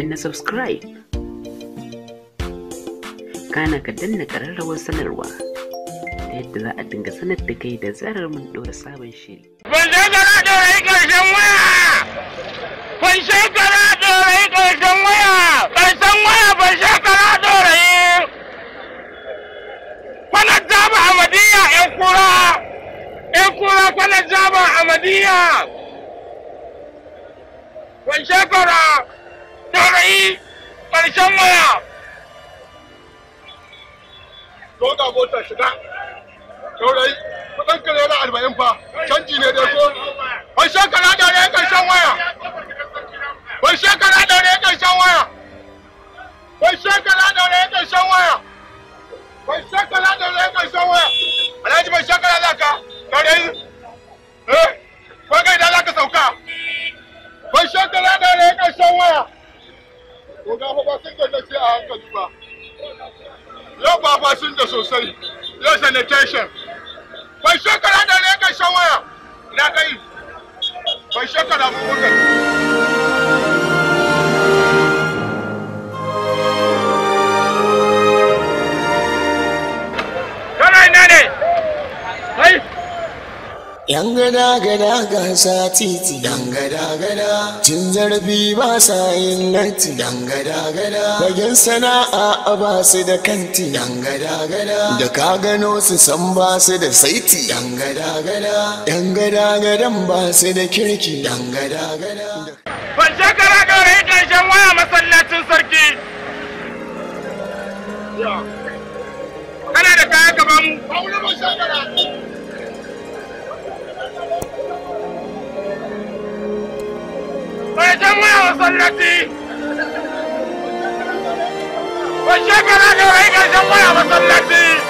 danna subscribe kana ka danna ƙararrawar sanarwa ta yadda za a dinga sanar da kai da zarar mun ɗora sabon shiri. Ban shakara ɗorayi ƙarshen waya! Ban shakara ɗorayi ƙarshen waya! Ƙarshen waya ban shakara ɗorayi! Kwanar jaba Ahmadiyya ‘yan kura! ‘Yan kura kwanar jaba Ahmadiyya! Ban shakara! yi ƙarshen waya Doga shiga, saurayi, arba'in fa, canji ne Ban shekara da ƙarshen waya. Ban shekara fashin da nake a hankali ba yau ba fashin da sosai yau sanitation bai shekara da ne ka waya. na kai bai shekara mu kai yan gada gada gasa titi yan gada gada cin zarafi ba sa yin nanti yan gada gada fagen sana'a ba su da kanti yan gada gada da ka gano su san ba su da saiti yan gada gada yan gada gadan ba su da kirki yan gada gada ban shekara kawai karshen waya masallacin sarki jama'a masallati ba shekara ga wai ƙarshen waya masallaci